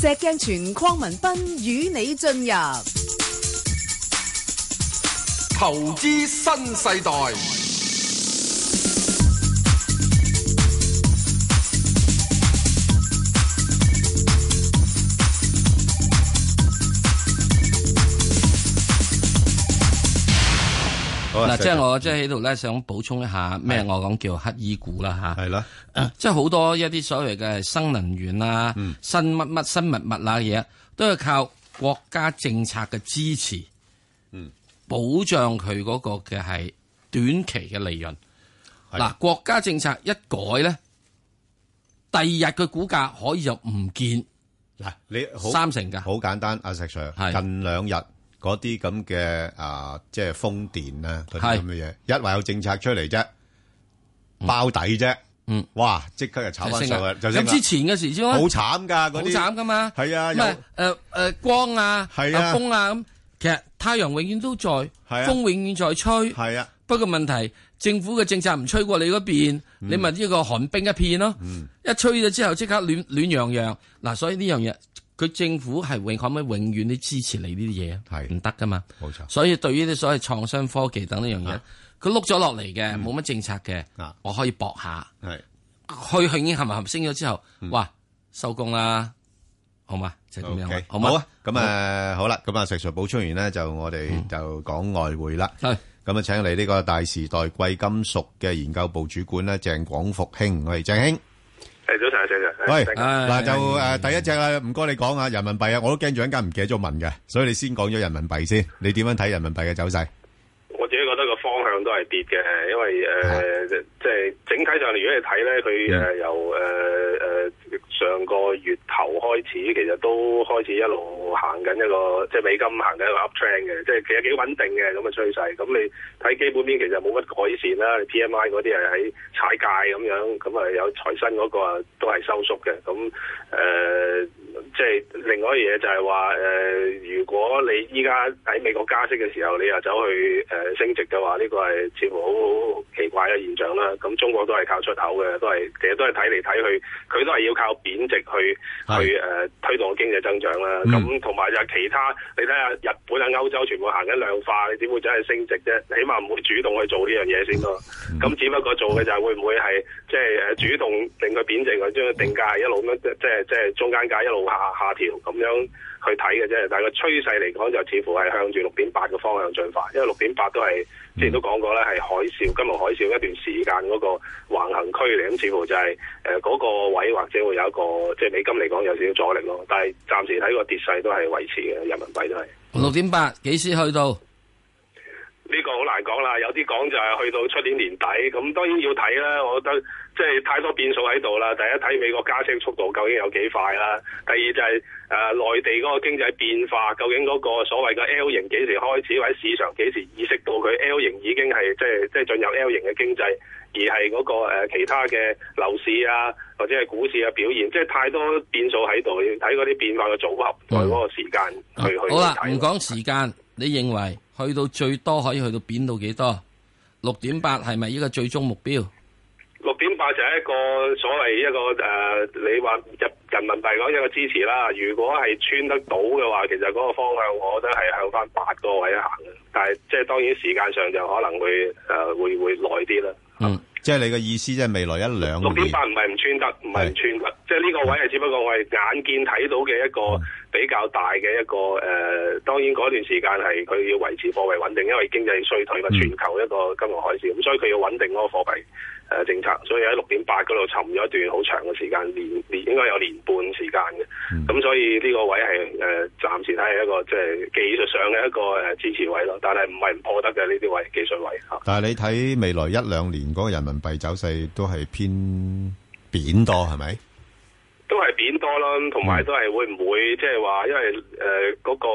石鏡泉、鄺文斌與你進入投資新世代。嗱，即係我即係喺度咧，想補充一下咩？嗯、我講叫黑衣股啦，吓係啦，啊、即係好多一啲所謂嘅新能源啊、嗯、新乜乜新物物啊嘢，都係靠國家政策嘅支持，嗯，嗯保障佢嗰個嘅係短期嘅利潤。嗱的，國家政策一改咧，第二日嘅股價可以就唔見。嗱好，你三成噶，好簡單，阿石 Sir，係近兩日。嗰啲咁嘅啊，即係風電啦，嗰啲咁嘅嘢，一話有政策出嚟啫，包底啫，嗯，哇，即刻就炒翻上嚟。咁之前嘅時先好慘噶，好慘噶嘛，係啊，因啊，誒誒，光啊，有風啊，咁其實太陽永遠都在，風永遠在吹，係啊，不過問題政府嘅政策唔吹過你嗰邊，你咪呢個寒冰一片咯，一吹咗之後即刻暖暖洋洋，嗱，所以呢樣嘢。佢政府係永可唔可以永遠都支持你呢啲嘢？係唔得噶嘛？冇錯。所以對於啲所謂創新科技等一樣嘢，佢碌咗落嚟嘅，冇乜政策嘅。我可以搏下。係，佢已經冚冚升咗之後，哇，收工啦，好嘛？就係咁樣。好啊，咁誒好啦，咁啊食 Sir 補充完呢，就我哋就講外匯啦。咁啊請嚟呢個大時代貴金屬嘅研究部主管咧，鄭廣復兄，我係鄭兄。誒，早晨啊，早晨！喂，嗱就誒，第一隻啊，唔該你講啊，人民幣啊，我都驚住陣間唔記得咗問嘅，所以你先講咗人民幣先，你點樣睇人民幣嘅走勢？我自己覺得個方向都係跌嘅，因為誒，即係整體上嚟，如果你睇咧，佢由誒誒上個月。頭開始其實都開始一路行緊一個即係美金行緊一個 up trend 嘅，即係其實幾穩定嘅咁嘅趨勢。咁你睇基本面其實冇乜改善啦，P M I 嗰啲係喺踩界咁樣，咁啊有財新嗰個都係收縮嘅。咁誒即係另外一樣嘢就係話誒，如果你依家喺美國加息嘅時候，你又走去誒升值嘅話，呢個係似乎好奇怪嘅現象啦。咁中國都係靠出口嘅，都係其實都係睇嚟睇去，佢都係要靠貶值去。去誒、呃、推動個經濟增長啦，咁同埋就係其他，你睇下日本啊、歐洲全部行緊量化，你點會真係升值啫？起碼唔會主動去做呢樣嘢先咯。咁、嗯嗯、只不過做嘅就係會唔會係即係誒主動令佢貶值，將個定價一路咁樣即係即係中間價一路下下調咁樣。去睇嘅啫，但係個趨勢嚟講就似乎係向住六點八嘅方向進發，因為六點八都係、嗯、之前都講過咧，係海嘯金融海嘯一段時間嗰個橫行區嚟，咁似乎就係誒嗰個位或者會有一個即係美金嚟講有少少阻力咯，但係暫時睇個跌勢都係維持嘅，人民幣都係六點八幾時去到？呢個好難講啦，有啲講就係去到出年年底，咁當然要睇啦。我覺得即係太多變數喺度啦。第一睇美國加息速度究竟有幾快啦，第二就係誒內地嗰個經濟變化究竟嗰個所謂嘅 L 型幾時開始，或者市場幾時意識到佢 L 型已經係即係即係進入 L 型嘅經濟，而係嗰、那個、呃、其他嘅樓市啊或者係股市嘅表現，即係太多變數喺度，要睇嗰啲變化嘅組合，佢嗰、嗯、個時間去,、啊啊、去去睇。好啦，唔講時間你認為去到最多可以去到貶到幾多？六點八係咪呢個最終目標？六點八就係一個所謂一個誒、呃，你話入人民幣嗰一個支持啦。如果係穿得到嘅話，其實嗰個方向，我覺得係向翻八個位行嘅。但係即係當然時間上就可能會誒、呃、會會耐啲啦。嗯，即係你嘅意思即係未來一兩年六點八唔係唔穿得，唔係唔穿得，是即係呢個位係只不過我係眼見睇到嘅一個。嗯比較大嘅一個誒、呃，當然嗰段時間係佢要維持貨幣穩定，因為經濟衰退嘛，全球一個金融海嘯，咁所以佢要穩定嗰個貨幣、呃、政策，所以喺六點八嗰度沉咗一段好長嘅時間，年年應該有年半時間嘅，咁、嗯、所以呢個位係誒、呃、暫時睇係一個即係、就是、技術上嘅一個誒支持位咯，但係唔係唔破得嘅呢啲位技術位吓。啊、但係你睇未來一兩年嗰個人民幣走勢都係偏貶多係咪？都係扁多啦，同埋都係會唔會即係話，因為誒嗰、呃那個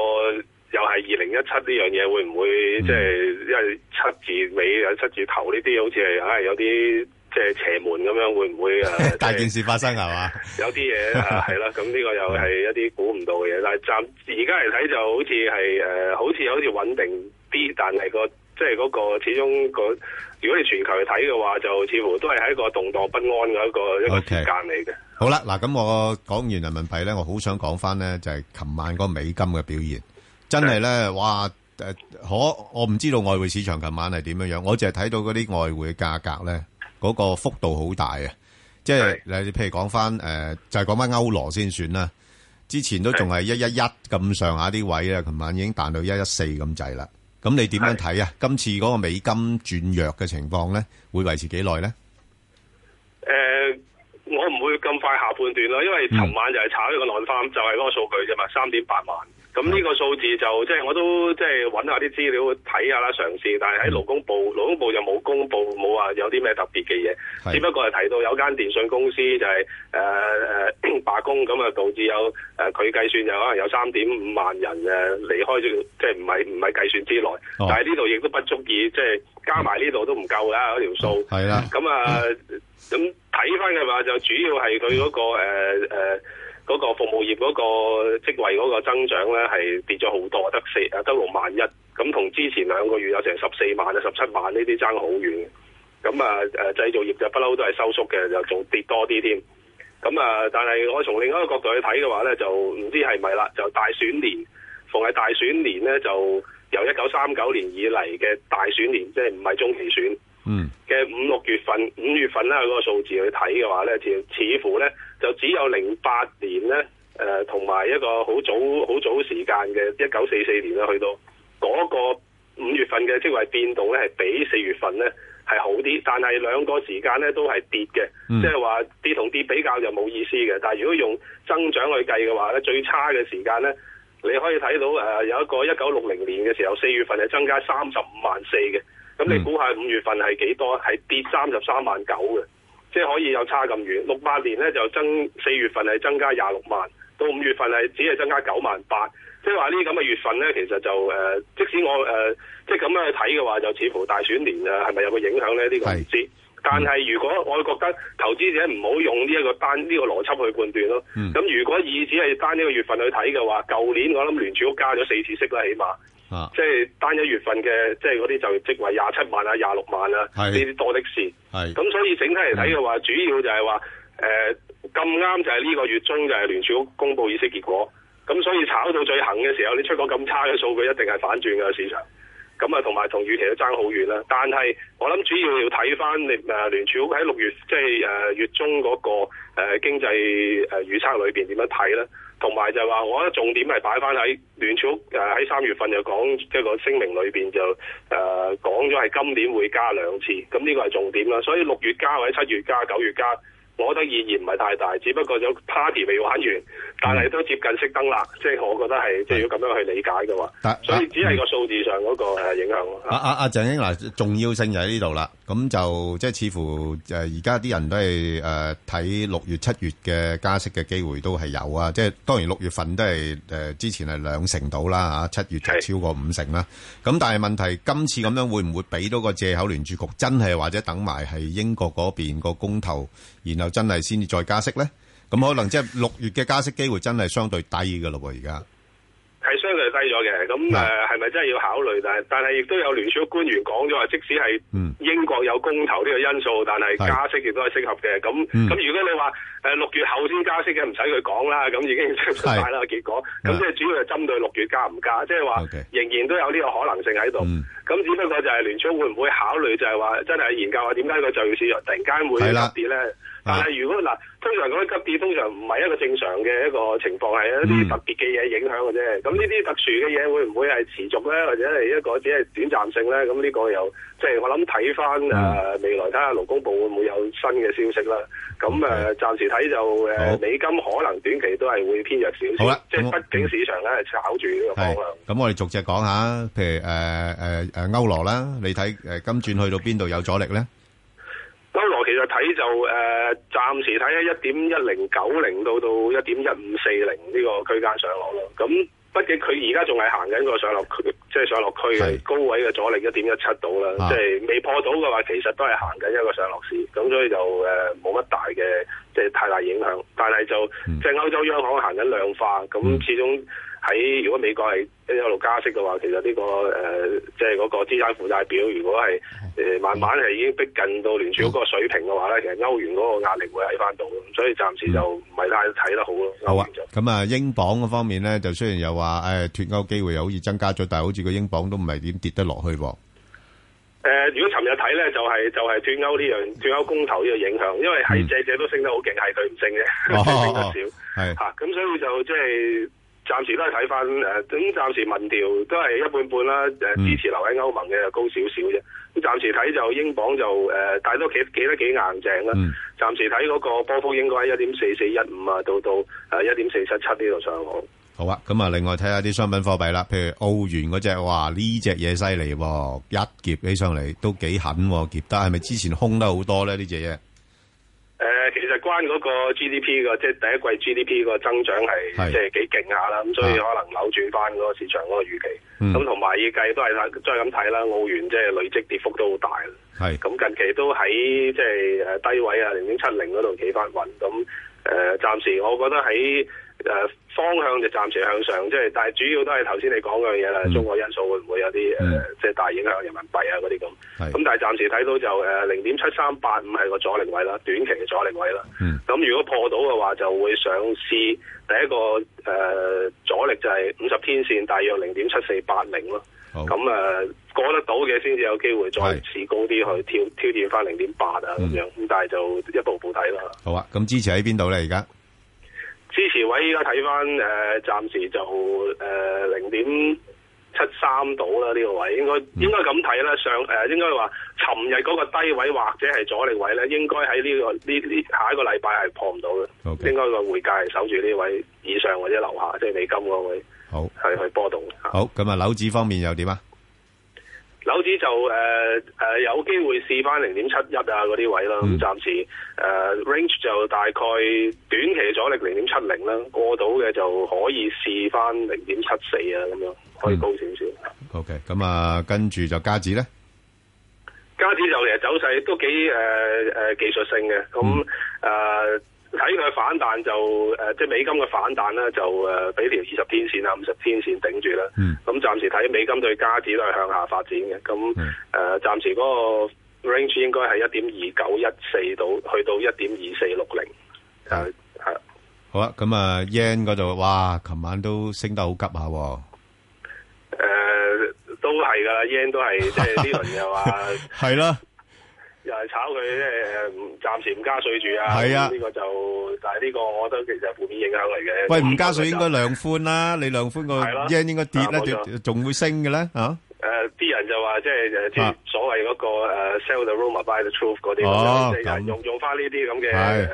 又係二零一七呢樣嘢會唔會即係、嗯就是、因為七字尾啊七字頭呢啲好似係唉有啲即係邪門咁樣會唔會啊、就是、 大件事發生係嘛？有啲嘢係啦，咁呢、 啊、個又係一啲估唔到嘅嘢。但係暫時而家嚟睇就好似係誒，好似好似穩定啲，但係、那個即係嗰個始終、那個，如果你全球嚟睇嘅話，就似乎都係喺一個動盪不安嘅一個一個時間嚟嘅。Okay. 好啦，嗱，咁我講完人民幣咧，我好想講翻咧，就係琴晚個美金嘅表現，真係咧，哇！誒，可我唔知道外匯市場琴晚係點樣樣，我淨係睇到嗰啲外匯嘅價格咧，嗰個幅度好大啊！即係你是譬如講翻誒，就係講翻歐羅先算啦。之前都仲係一一一咁上下啲位啊，琴晚已經彈到一一四咁滯啦。咁你點樣睇啊？是今次嗰個美金轉弱嘅情況咧，會維持幾耐咧？誒、呃。咁快下半段啦，因為尋晚就係炒咗個浪花，就係嗰個數據啫嘛，三點八萬。咁呢個數字就即係我都即係揾下啲資料睇下啦，嘗試。但係喺勞工部，勞工部就冇公布，冇話有啲咩特別嘅嘢。只不過係提到有間電信公司就係誒誒罷工，咁啊導致有誒佢計算就可能有三點五萬人誒離開咗，即係唔係唔係計算之內。但係呢度亦都不足以即係加埋呢度都唔夠㗎嗰條數。係啦。咁啊，咁睇翻嘅話就主要係佢嗰個誒嗰個服務業嗰個職位嗰個增長咧，係跌咗好多，得四啊得六萬一，咁同之前兩個月有成十四萬啊十七萬呢啲爭好遠。咁啊誒製造業就不嬲都係收縮嘅，就仲跌多啲添。咁啊，但係我從另一個角度去睇嘅話咧，就唔知係咪啦，就大選年，逢係大選年咧，就由一九三九年以嚟嘅大選年，即係唔係中期選。嗯，嘅五六月份，五月份咧，個數字去睇嘅話咧，似乎咧就只有零八年咧，誒、呃，同埋一個好早好早時間嘅一九四四年啦，去到嗰個五月份嘅職位變動咧，係比四月份咧係好啲，但係兩個時間咧都係跌嘅，即係話跌同跌比較就冇意思嘅，但係如果用增長去計嘅話咧，最差嘅時間咧，你可以睇到誒、呃、有一個一九六零年嘅時候四月份係增加三十五萬四嘅。咁、嗯、你估下五月份係幾多？係跌三十三萬九嘅，即係可以又差咁遠。六八年咧就增四月份係增加廿六萬，到五月份係只係增加九萬八。即係話呢啲咁嘅月份咧，其實就誒、呃，即使我誒、呃、即係咁樣去睇嘅話，就似乎大選年誒係咪有個影響咧？呢個唔知。但係如果我哋覺得投資者唔好用呢一個單呢、呢個邏輯去判斷咯。咁、嗯、如果以只係單呢個月份去睇嘅話，舊年我諗聯儲局加咗四次息啦，起碼。啊、即係單一月份嘅，即係嗰啲就業職位廿七萬啊，廿六萬啊，呢啲是多的事。係咁是，所以整體嚟睇嘅話，是主要就係話誒咁啱就係呢個月中就係聯儲局公布議息結果。咁所以炒到最狠嘅時候，你出個咁差嘅數據，一定係反轉嘅市場。咁啊，同埋同預期都爭好遠啦。但係我諗主要要睇翻誒聯儲局喺六月即係誒月中嗰、嗰個誒、呃、經濟誒預測裏邊點樣睇咧？同埋就係話，我覺得重點係擺翻喺聯儲屋。喺、呃、三月份就講即係個聲明裏邊就誒講咗係今年會加兩次，咁呢個係重點啦。所以六月加，或者七月加，九月加，我覺得意義唔係太大，只不過有 party 未玩完，但係都接近熄燈啦。即係、啊、我覺得係即係要咁樣去理解嘅嘛。啊啊、所以只係個數字上嗰個誒影響。阿阿阿鄭英娜、啊、重要性就喺呢度啦。咁就即係似乎誒，而家啲人都係誒睇六月、七月嘅加息嘅機會都係有啊。即係當然六月份都係誒、呃、之前係兩成到啦吓，啊、七月就超過五成啦。咁、啊、但係問題今次咁樣會唔會俾到個借口聯儲局真係或者等埋係英國嗰邊個公投，然後真係先至再加息咧？咁可能即係六月嘅加息機會真係相對低噶咯。而家。都係低咗嘅，咁誒係咪真係要考慮？但係，但係亦都有聯儲官員講咗話，即使係英國有公投呢個因素，但係加息亦都係適合嘅。咁咁係嘅，如果你話誒六月後先加息嘅，唔使佢講啦，咁已經出曬啦，結果。咁即係主要係針對六月加唔加，即係話仍然都有呢個可能性喺度。咁、嗯、只不過就係聯儲會唔會考慮就，就係話真係研究下點解個造市突然間會急跌咧？但係如果嗱，通常嗰啲急跌，通常唔係一個正常嘅一個情況，係一啲特別嘅嘢影響嘅啫。咁呢啲特殊嘅嘢會唔會係持續咧，或者係一個只係短暫性咧？咁呢個又即係我諗睇翻誒未來睇下勞工部會唔會有新嘅消息啦。咁誒暫時睇就誒好美金可能短期都係會偏弱少少。好啦，即係畢竟市場咧、嗯、炒住呢個方向。咁我哋逐隻講下，譬如誒誒誒歐羅啦，你睇誒金轉去到邊度有阻力咧？其實睇就誒，暫時睇喺一點一零九零到到一點一五四零呢個區間上落咯。咁、嗯、畢竟佢而家仲係行緊個上落區，即係上落區嘅高位嘅阻力一點一七度啦。即係、啊、未破到嘅話，其實都係行緊一個上落市。咁所以就誒冇乜大嘅，即係太大影響。但係就即係歐洲央行行緊量化，咁、嗯嗯、始終。喺如果美國係喺度加息嘅話，其實呢、呢個誒，即係嗰個資產負債表，如果係誒、呃、慢慢係已經逼近到聯儲嗰個水平嘅話咧，其實歐元嗰個壓力會喺翻度。所以暫時就唔係太睇得好咯。嗯、歐好啊。咁啊，英鎊嗰方面咧，就雖然又話誒脱歐機會又好似增加咗，但係好似個英鎊都唔係點跌得落去喎。誒，如果尋日睇咧，就係、係、就係脱歐呢樣脱歐公投呢個影響，因為係隻隻都升得好勁，係佢唔升嘅。升得少。係嚇，咁所以就即係。暫時都係睇翻誒，咁暫時民調都係一半半啦，誒、嗯、支持留喺歐盟嘅又高少少啫。咁暫時睇就英鎊就誒，但係都企企得幾硬淨啦。暫、嗯、時睇嗰個波幅應該喺一點四四一五啊，到到誒一點四七七呢度上行。好啊，咁啊，另外睇下啲商品貨幣啦，譬如澳元嗰隻，哇呢隻嘢犀利，一劫起上嚟都幾狠，啊，劫得係咪之前空得好多咧？呢隻嘢？誒、呃，其實關嗰個 GDP 個，即係第一季 GDP 個增長係是即係幾勁下啦，咁所以可能扭轉翻嗰個市場嗰個預期。咁同埋預計都係再咁睇啦，澳元即係累積跌幅都好大啦。咁是、嗯、近期都喺即係誒低位啊，零點七零嗰度企翻穩。咁誒、呃，暫時我覺得喺。誒，方向就暫時向上，即係，但係主要都係頭先你講嘅嘢啦。中國因素會唔會有啲誒，即係大影響人民幣啊嗰啲咁。咁但係暫時睇到就誒，零點七三八五係個阻力位啦，短期嘅阻力位啦。咁如果破到嘅話，就會上試第一個誒阻力就係五十天線大約零點七四八零咯。咁誒過得到嘅先至有機會再試高啲去挑挑戰翻零點八啊咁樣。咁但係就一步步睇啦。好啊，咁支持喺邊度咧？而家？支持位依家睇返，誒、呃、暫時就誒零點七三度啦，呢、呃呢個位應該應該咁睇啦。上誒、呃、應該話，尋日嗰個低位或者係阻力位咧，應該喺呢個呢呢下一個禮拜係破唔到嘅。Okay. 應該個會界係守住呢位以上或者樓下，即係美金嗰位。好係去波動。好咁啊，樓指方面又點啊？樓紙就誒誒、呃呃、有機會試返零點七一啊嗰啲位啦，咁、嗯、暫時誒、呃、range 就大概短期阻力零點七零啦，過到嘅就可以試返零點七四啊咁樣，可以高少少、嗯。OK，咁啊跟住就加紙咧，加紙就其實走勢都幾誒誒、呃、技術性嘅，咁、嗯、誒。呃睇佢反彈就誒、呃，即係美金嘅反彈咧，就誒俾條二十天線啊，五十天線頂住啦。咁、嗯嗯、暫時睇美金對加指都係向下發展嘅。咁、嗯、誒、嗯呃，暫時嗰個 range 應該係一點二九一四到去到一點二四六零。誒係、嗯。是好啊，咁啊 yen 嗰度，哇，琴晚都升得好急下、啊。誒、哦呃，都係㗎，yen 都係即係呢輪又話。係啦。 又係炒佢，即係暫時唔加稅住啊！係啊，呢個就但係呢個，我覺得其實係負面影響嚟嘅。喂，唔加稅應該量寬啦，你量寬個 yen 應該跌啦，仲會升嘅咧吓？誒，啲人就話即係誒，即所謂嗰個 sell the rumor by the truth 嗰啲，就用用翻呢啲咁嘅。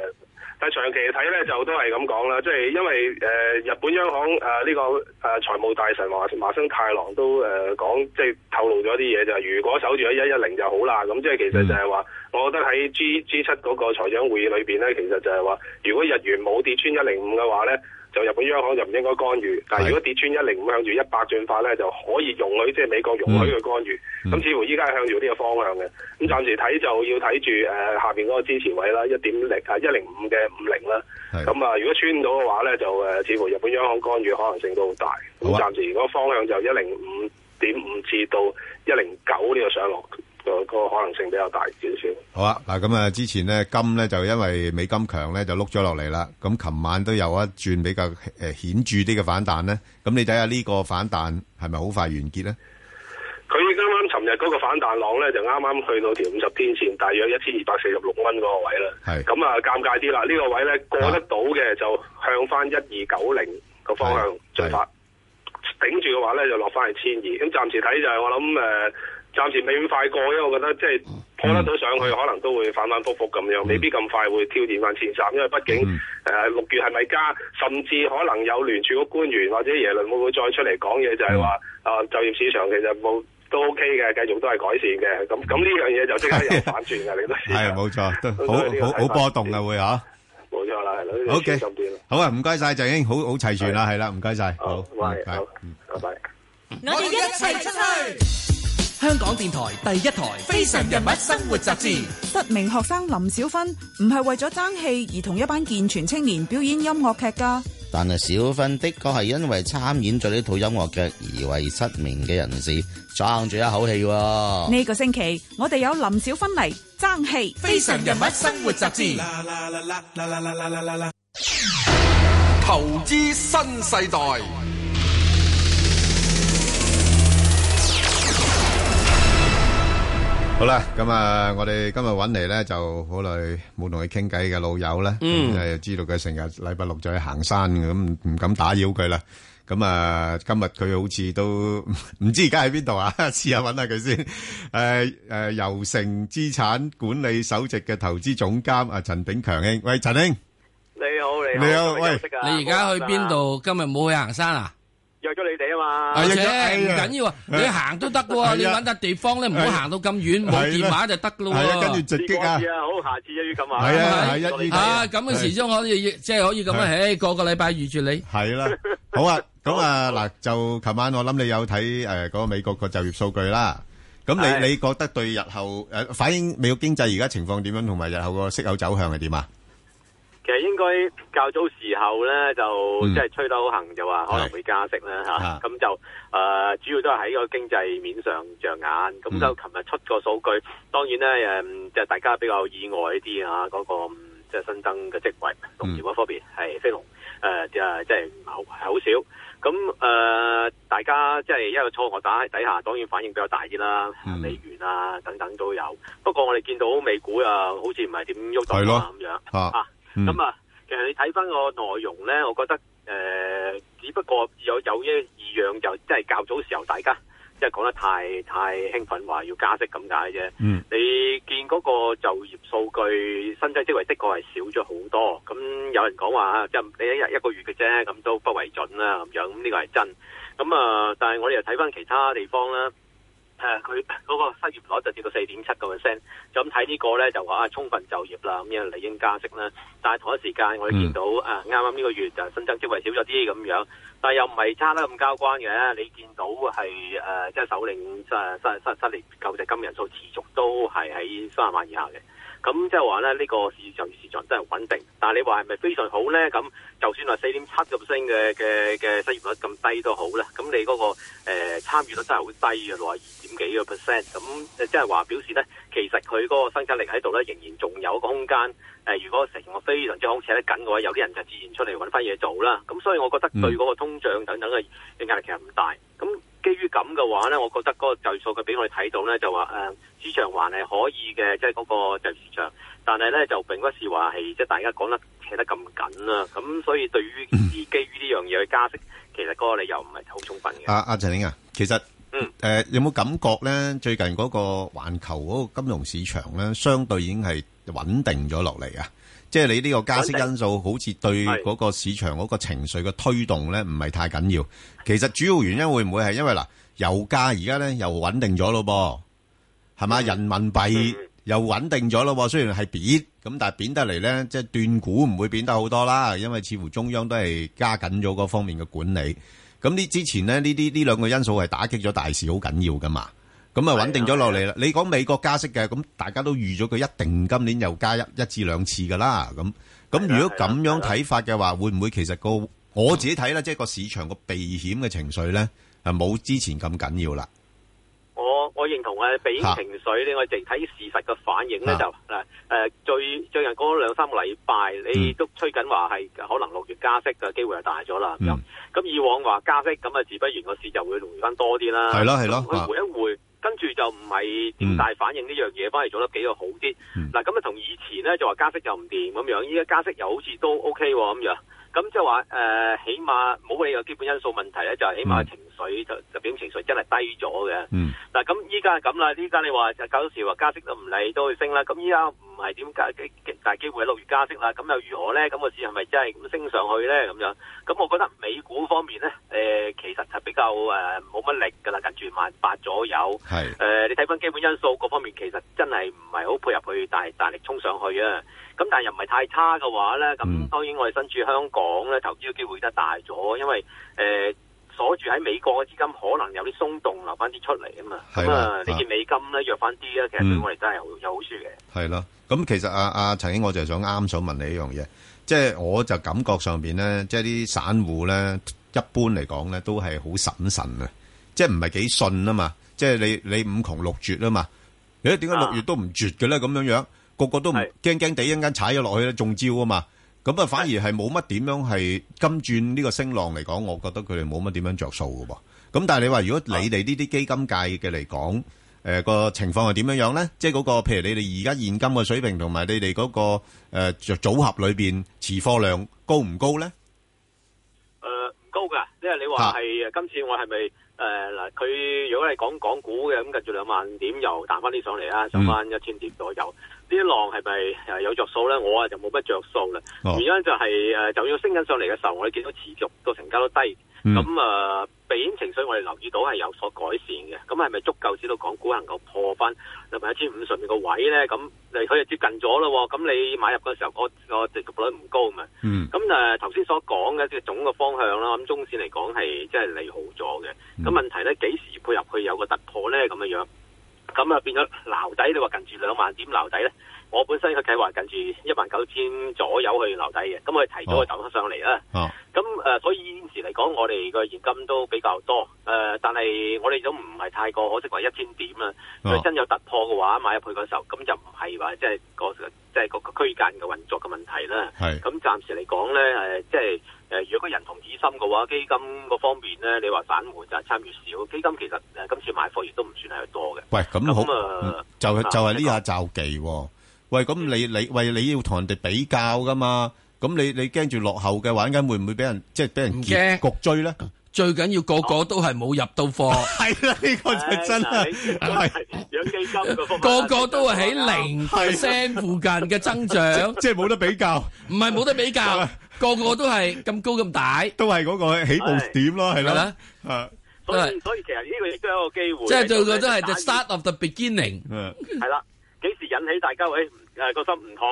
但係長期睇咧，就都係咁講啦，即係因為誒、呃、日本央行誒呢、呃這個誒、呃、財務大臣話麻生太郎都誒、呃、講，即係透露咗啲嘢就係如果守住喺一一零就好啦，咁即係其實就係話，嗯、我覺得喺 G G 七嗰個財長會議裏邊咧，其實就係話，如果日元冇跌穿一零五嘅話咧。就日本央行就唔應該干預，但係如果跌穿一零五向住一百進化咧，就可以容許即係、就是、美國容許佢干預。咁、嗯、似乎依家係向住呢個方向嘅。咁暫時睇就要睇住誒下邊嗰個支持位啦，一點零啊一零五嘅五零啦。咁啊，如果穿到嘅話咧，就誒、呃、似乎日本央行干預可能性都好大。咁暫好、啊、時如果方向就一零五點五至到一零九呢個上落嘅、呃呃呃可能性比較大少少。好啊，嗱咁啊，之前呢金呢，就因為美金強呢，就碌咗落嚟啦。咁琴晚都有一轉比較誒、呃、顯著啲嘅反彈呢。咁你睇下呢個反彈係咪好快完結呢？佢啱啱尋日嗰個反彈浪呢，就啱啱去到條五十天線，大約一千二百四十六蚊嗰個位啦。係係。咁啊，尷尬啲啦。呢、呢個位呢，過得到嘅就向翻一二九零個方向進發。係。頂住嘅話呢，就落翻去千二。咁暫時睇就係、係、我諗誒。呃暫時未咁快過，因為我覺得即係破得到上去，可能都會反反复复咁樣，未必咁快會挑戰翻前三，因為畢竟誒六月係咪加，甚至可能有聯儲個官員或者耶倫會唔會再出嚟講嘢，就係話啊就業市場其實冇都 OK 嘅，繼續都係改善嘅。咁咁呢樣嘢就即刻有反轉嘅，你都係冇錯，好好好波動嘅會嗬。冇錯啦，係啦。O K，好啊，唔該晒就已經，好好齊全啦，係啦，唔該晒，好，拜拜，我哋一齊出去。香港電台第一台《非常人物生活雜誌》，失明學生林小芬唔係為咗爭氣而同一班健全青年表演音樂劇噶，但係小芬的確係因為參演咗呢套音樂劇而為失明嘅人士爭住一口氣啊。呢個星期我哋有林小芬嚟爭氣，《非常人物生活雜誌》。啦啦啦啦啦啦啦啦啦啦！啦啦啦啦啦啦啦投資新世代。好啦，咁啊，我哋今日揾嚟咧就好耐冇同佢傾偈嘅老友咧，嗯，係知道佢成日禮拜六就去行山嘅，咁唔敢打擾佢啦。咁啊，今日佢好似都唔知而家喺邊度啊？試下揾下佢先。誒誒，悠誠資產管理首席嘅投資總監啊，陳炳強兄，喂，陳兄，你好，你好，你好，喂，你而家去邊度？今日冇去行山啊？約咗你哋啊嘛，唔緊要，你行都得嘅喎，你揾笪地方咧，唔好行到咁遠，冇電話就得咯喎。跟住直擊啊，好，下次一於咁話。係啊，一於啊，咁嘅時鐘可以即係可以咁樣啊，唉，個個禮拜預住你。係啦，好啊，咁啊嗱，就琴晚我諗你有睇誒嗰個美國個就業數據啦。咁你你覺得對日後誒反映美國經濟而家情況點樣，同埋日後個息口走向係點啊？其實應該較早時候咧，就即係吹得好行，就話可能會加息啦吓。咁就誒，主要都係喺個經濟面上着眼。咁就琴日出個數據，當然咧誒，即係大家比較意外啲啊。嗰個即係新增嘅職位，農業嗰方面係非農誒，即係即係係好少。咁誒，大家即係一個錯愕打底下，當然反應比較大啲啦，美元啊等等都有。不過我哋見到美股啊，好似唔係點喐動啊，咁樣啊。咁啊，嗯、其實你睇翻個內容咧，我覺得誒、呃，只不過有有一異樣就即係較早時候大家即係講得太太興奮，話要加息咁解啫。嗯、你見嗰個就業數據新增職位的確係少咗好多，咁有人講話啊，就你一日一個月嘅啫，咁都不為準啦咁樣。咁、嗯、呢、這個係真。咁啊，但係我哋又睇翻其他地方啦。誒佢嗰個失業率就跌到四點七個 percent，咁睇呢個咧就話啊充分就業啦，咁樣理應加息啦。但係同一時間我哋見到誒啱啱呢個月就，啊、新增職位少咗啲咁樣，但係又唔係差得咁交關嘅。你見到係誒即係首領，啊、失失失失業救濟金人數持續都係喺三十萬以下嘅。咁即係話咧，呢個市場市場真係穩定，但係你話係咪非常好咧？咁就算話四點七個 percent 嘅嘅嘅失業率咁低都好咧。咁你嗰個誒參與率真係好低嘅，六十二點幾個 percent。咁即係話表示咧，其實佢嗰個生產力喺度咧，仍然仲有一個空間。誒、呃，如果成個非常之好扯得緊嘅話，有啲人就自然出嚟揾返嘢做啦。咁所以我覺得對嗰個通脹等等嘅嘅壓力其實唔大。咁基於咁嘅話咧，我覺得嗰個就業數據俾我哋睇到咧，就話誒、呃，市場還係可以嘅，即係嗰個就業市場，但係咧就並不是話係即係大家講得扯得咁緊啦。咁所以對於基於呢樣嘢去加息，其實嗰個理由唔係好充分嘅。阿阿陳穎啊，其實嗯誒、呃，有冇感覺咧？最近嗰個環球嗰個金融市場咧，相對已經係穩定咗落嚟啊！即係你呢個加息因素，好似對嗰個市場嗰個情緒嘅推動呢，唔係太緊要。其實主要原因會唔會係因為嗱，油價而家呢又穩定咗咯噃，係嘛？人民幣又穩定咗咯，雖然係貶咁，但係貶得嚟呢，即係斷股唔會貶得好多啦。因為似乎中央都係加緊咗嗰方面嘅管理。咁呢之前呢，呢啲呢兩個因素係打擊咗大市，好緊要噶嘛。咁啊，穩定咗落嚟啦。你講美國加息嘅，咁大家都預咗佢一定今年又加一、一至兩次噶啦。咁咁如果咁樣睇法嘅話，會唔會其實個我自己睇咧，即係個市場個避險嘅情緒咧，係冇之前咁緊要啦。我我認同嘅避險情緒咧，我淨睇事實嘅反應咧就嗱，誒，最最近過咗兩三個禮拜，你都吹緊話係可能六月加息嘅機會係大咗啦。咁咁以往話加息咁啊，自不然個市就會回翻多啲啦。係咯係咯，佢回一回。跟住就唔係點大反應呢樣嘢，反而、嗯、做得幾好啲。嗱咁、嗯、啊，同以前咧就話加息就唔掂咁樣，依家加息又好似都 O K 喎咁樣。咁即係話誒，起碼冇理由基本因素問題咧，就係、是、起碼情緒就就表情緒真係低咗嘅。嗯。嗱，咁依家係咁啦，依家你話舊時話加息都唔理，都去升啦。咁依家唔係點解幾大機會喺六月加息啦？咁又如何咧？咁、那個市係咪真係咁升上去咧？咁樣咁，我覺得美股方面咧，誒、呃，其實係比較誒冇乜力噶啦，近住萬八左右。係是。誒、呃，你睇翻基本因素各方面，其實真係唔係好配合佢大大力衝上去啊。咁但係又唔係太差嘅話咧，咁當然我哋身處香港。嗯講咧，投資嘅機會得大咗，因為誒鎖住喺美國嘅資金可能有啲鬆動，留翻啲出嚟啊嘛。咁啊，呢件美金咧弱翻啲咧，其實對我哋都係有有好處嘅。係啦，咁其實阿阿陳英，我就係想啱想問你一樣嘢，即係我就感覺上邊咧，即係啲散戶咧，一般嚟講咧都係好審慎啊，即係唔係幾信啊嘛，即係你你五窮六絕啊嘛，誒點解六月都唔絕嘅咧？咁樣樣個個都唔驚驚地，一陣間踩咗落去咧，中招啊嘛。咁啊，反而係冇乜點樣係跟住呢個升浪嚟講，我覺得佢哋冇乜點樣着數噶噃。咁但係你話，如果你哋呢啲基金界嘅嚟講，誒個情況係點樣樣咧？即係嗰個，譬如你哋而家現金嘅水平同埋你哋嗰個誒組合裏邊持貨量高唔高咧？誒，唔高噶，即係你話係今次我係咪誒嗱？佢如果係講港股嘅，咁跟住兩萬點又彈翻啲上嚟啦，上翻一千點左右。呢一浪係咪係有着數咧？我啊就冇乜着數啦。原因、哦、就係、是、誒，就要升緊上嚟嘅時候，我哋見到持續個成交都低。咁啊、嗯呃，避險情緒我哋留意到係有所改善嘅。咁係咪足夠知道港股能夠破翻係咪一千五上面個位咧？咁佢就接近咗啦。咁你買入嗰時候，我我殖率唔高嘛。咁誒頭先所講嘅即係總嘅方向啦。咁、嗯、中線嚟講係即係利好咗嘅。咁問題咧幾、嗯、時配合佢有個突破咧？咁嘅樣。咁啊，變咗留底，你話近住兩萬點留底咧？我本身嘅計劃近住一萬九千左右去留底嘅，咁佢提早去個頭上嚟啊！咁誒、哦呃，所以現時嚟講，我哋嘅現金都比較多誒、呃，但係我哋都唔係太過可惜為1，話一千點啊。最、哦、如果真有突破嘅話，買入去嗰時候，咁就唔係話即係個即係個區間嘅運作嘅問題啦。咁是暫時嚟講咧，誒、呃、即係。誒，如果個人同以深嘅話，基金個方面咧，你話散戶就係參與少，基金其實誒今次買貨亦都唔算係多嘅。喂，咁好，咁啊，就係就係呢下就忌。喂，咁你你喂你要同人哋比較噶嘛？咁你你驚住落後嘅話緊會唔會俾人即係俾人驚焗追咧？最緊要個個都係冇入到貨。係啦，呢個就真係。係，養基金個方面，個個都係喺零 percent 附近嘅增長，即係冇得比較。唔係冇得比較。個個都係咁高咁大，都係個起步點咯，係啦，啊，所以，的所以所以其實呢個亦都係一個機會，即係做個都係 the start of the beginning，係啦的。的幾時引起大家誒誒個心唔妥，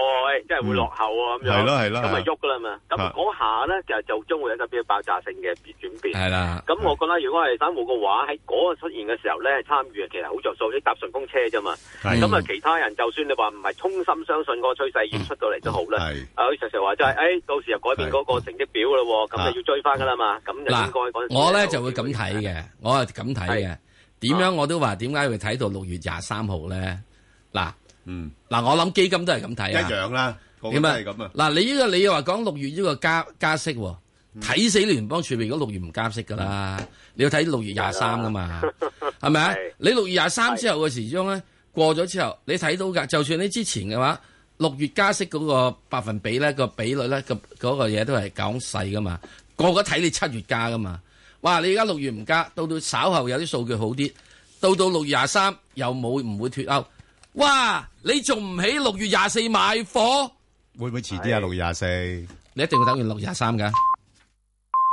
即係會落後啊，咁樣係咯係咯，咁咪喐噶啦嘛。咁嗰下咧就係將會有一個比較爆炸性嘅轉變係啦。咁我覺得如果係散戶嘅話，喺嗰個出現嘅時候咧，參與其實好着數，即搭順風車啫嘛。咁啊，其他人就算你話唔係衷心相信嗰個趨勢要出到嚟都好啦。佢哋話就係誒，到時又改變嗰個成績表啦，咁就要追翻噶啦嘛。咁就應該陣時我咧就會咁睇嘅，我係咁睇嘅。點樣我都話點解會睇到六月廿三號咧？嗱，嗯，嗱，我諗基金都係咁睇啊，一樣啦，點解係咁啊，嗱、嗯，你呢個你又話講六月呢個加加息，睇、啊、死聯邦儲備如果六月唔加息噶啦，嗯、你要睇六月廿三噶嘛，係咪啊？吧是你六月廿三之後嘅時鐘咧，過咗之後，你睇到噶，就算你之前嘅話六月加息嗰個百分比咧，個比率咧，嗰、嗰個嘢都係講細噶嘛，個個睇你七月加噶嘛，哇，你而家六月唔加，到到稍後有啲數據好啲，到到六月廿三又冇唔會脫歐。哇！你仲唔起六月廿四買貨，會唔會遲啲啊？六月廿四，你一定會等完六月廿三㗎。